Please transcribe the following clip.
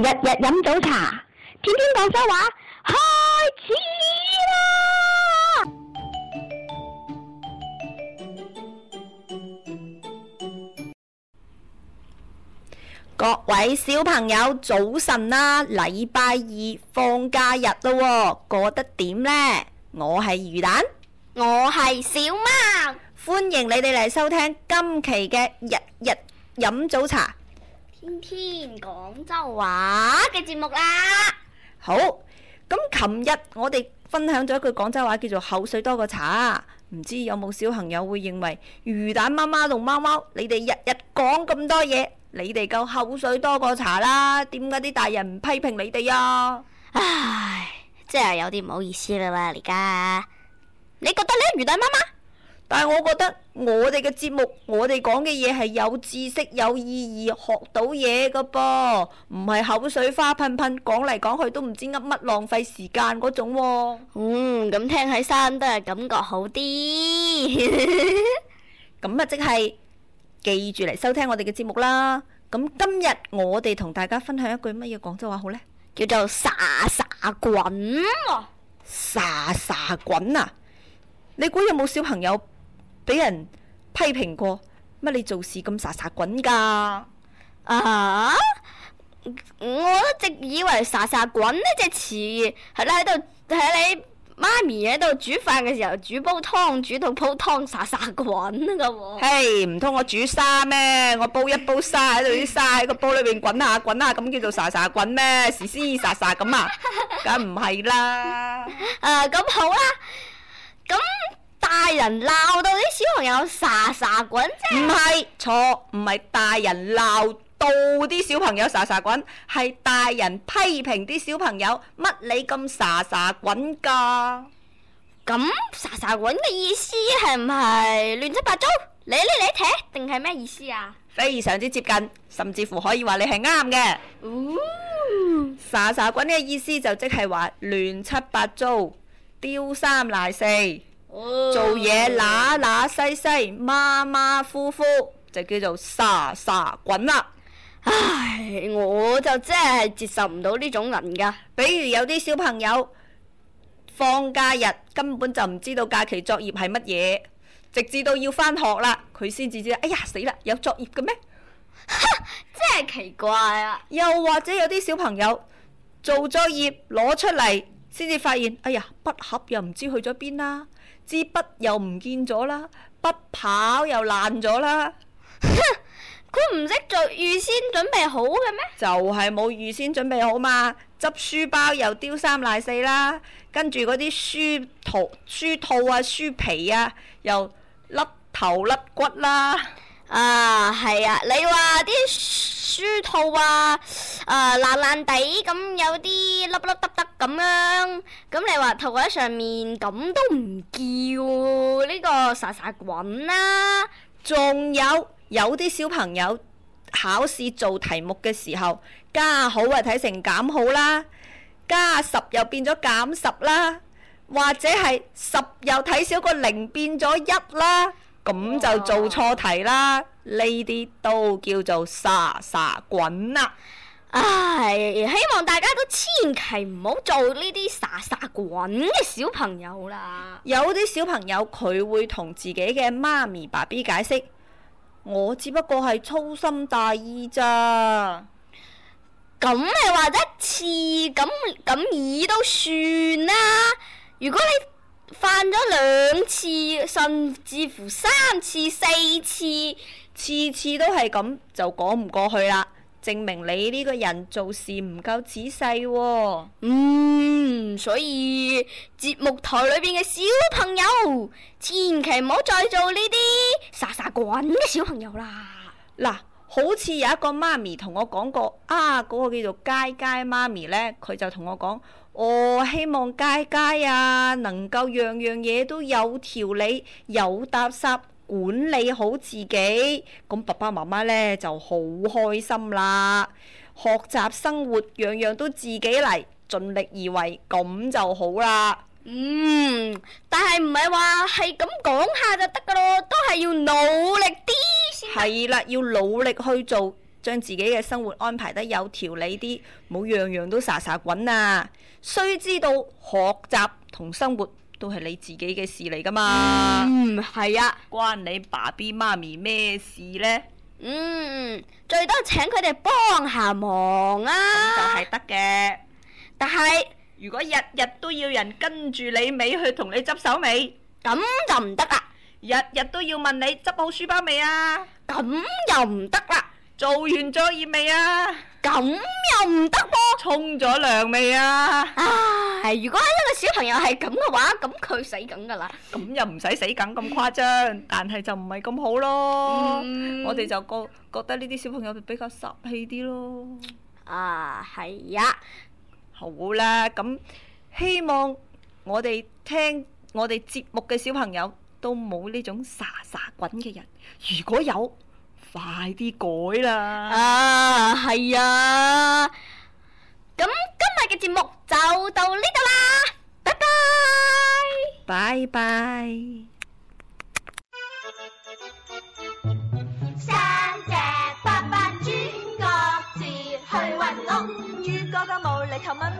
日日飲早茶，天天廣州話，開始啦！各位小朋友早晨啦，禮拜二放假日咯，過得點呢？我係魚蛋，我係小貓，歡迎你哋嚟收聽今期嘅日日飲早茶。天天廣州話嘅節目啦，好，咁琴日我哋分享咗一句廣州話，叫做口水多過茶。唔知有冇小朋友會認為魚蛋媽媽、龍貓貓，你哋日日講咁多嘢，你哋夠口水多過茶啦？點解啲大人唔批評你哋啊？唉，真係有啲唔好意思啦嘛。而家，你覺得你係魚蛋媽媽？但係我覺得我哋嘅節目，我哋講嘅嘢係有知識、有意義、學到嘢㗎噃，唔係口水花噴噴講嚟講去都唔知噏乜，浪費時間嗰種喎、啊。嗯，咁聽喺身都係感覺好啲。咁 啊，即係記住嚟收聽我哋嘅節目啦。咁今日我哋同大家分享一句乜嘢廣州話好呢？叫做傻傻滾喎！沙沙滾啊！你估有冇小朋友？俾人批評過乜？你做事咁沙沙滾噶啊！我一直以為沙沙滾呢隻詞係喇，喺度，係你媽咪喺度煮飯嘅時候，煮煲湯煮到煲湯沙沙滾啊噶喎！嘿，唔通我煮沙咩？我煲一煲沙喺度啲沙喺個煲裏邊滾下滾下，咁叫做沙沙滾咩？時時沙沙咁啊，梗唔係啦！誒，咁好啦。大人鬧到啲小朋友沙沙滾啫，唔係錯，唔係大人鬧到啲小朋友沙沙滾，係大人批評啲小朋友乜你咁沙沙滾噶？咁沙沙滾嘅意思係唔係亂七八糟？你呢？你睇？定係咩意思啊？非常之接近，甚至乎可以話你係啱嘅。沙沙滾嘅意思就即係話亂七八糟，丟三賴四。做嘢揦揦西西馬馬虎虎，就叫做沙沙滾啦。唉，我就真係接受唔到呢種人噶。比如有啲小朋友放假日根本就唔知道假期作業係乜嘢，直至到要返學啦，佢先至知道。哎呀，死啦，有作業嘅咩？ 真係奇怪啊！又或者有啲小朋友做作業攞出嚟，先至發現，哎呀，筆盒又唔知去咗邊啦。支筆又唔見咗啦，筆刨又爛咗啦。哼，佢唔識做預先準備好嘅咩？就係冇預先準備好嘛，執書包又丟三賴四啦，跟住嗰啲書套、書套啊、書皮啊，又甩頭甩骨啦。啊，係、ah, 啊！你話啲書套啊，啊爛爛地咁，有啲粒粒得得咁樣，咁你話套喺上面，咁都唔叫呢個沙沙滾啦。仲有有啲小朋友考試做題目嘅時候，加號啊睇成減號啦，加十又變咗減十啦，或者係十又睇少個零變咗一啦。咁就做錯題啦，呢啲、oh。都叫做沙沙滾啦！啊！唉，希望大家都千祈唔好做呢啲沙沙滾嘅小朋友啦。有啲小朋友佢會同自己嘅媽咪爸 B 解釋，我只不過係粗心大意咋。咁係話一次，咁咁已都算啦。如果你犯咗兩次，甚至乎三次、四次，次次都係咁，就講唔過去啦。證明你呢個人做事唔夠仔細喎、哦。嗯，所以節目台裏邊嘅小朋友，千祈唔好再做呢啲沙沙滾嘅小朋友啦。嗱，好似有一個媽咪同我講過，啊，嗰、嗰個叫做佳佳媽咪呢，佢就同我講。我、哦、希望佳佳啊，能夠樣樣嘢都有條理，有搭霎，管理好自己，咁爸爸媽媽呢，就好開心啦。學習生活樣樣都自己嚟，盡力而為，咁就好啦。嗯，但係唔係話係咁講下就得㗎咯？都係要努力啲先。係啦，要努力去做。將自己嘅生活安排得有條理啲，冇樣樣都沙沙滾啊！須知道學習同生活都係你自己嘅事嚟噶嘛？嗯，係啊。關你爸 B 媽咪咩事呢？嗯，最多請佢哋幫下忙啊，咁就係得嘅。但係如果日日都要人跟住你尾去同你執手尾，咁就唔得啦。日日都要問你執好書包未啊？咁又唔得啦。做完作業未啊？咁又唔得喎！沖咗涼未啊？啊，如果一個小朋友係咁嘅話，咁佢死梗噶啦！咁又唔使死梗咁誇張，但係就唔係咁好咯。我哋就覺覺得呢啲小朋友就比較濕氣啲咯。啊，係呀。好啦，咁希望我哋聽我哋節目嘅小朋友都冇呢種沙沙滾嘅人。如果有。快啲改啦！啊，係啊！咁今日嘅節目就到呢度啦，拜拜，拜拜。三隻八八豬哥字去運碌，豬哥個冇厘頭。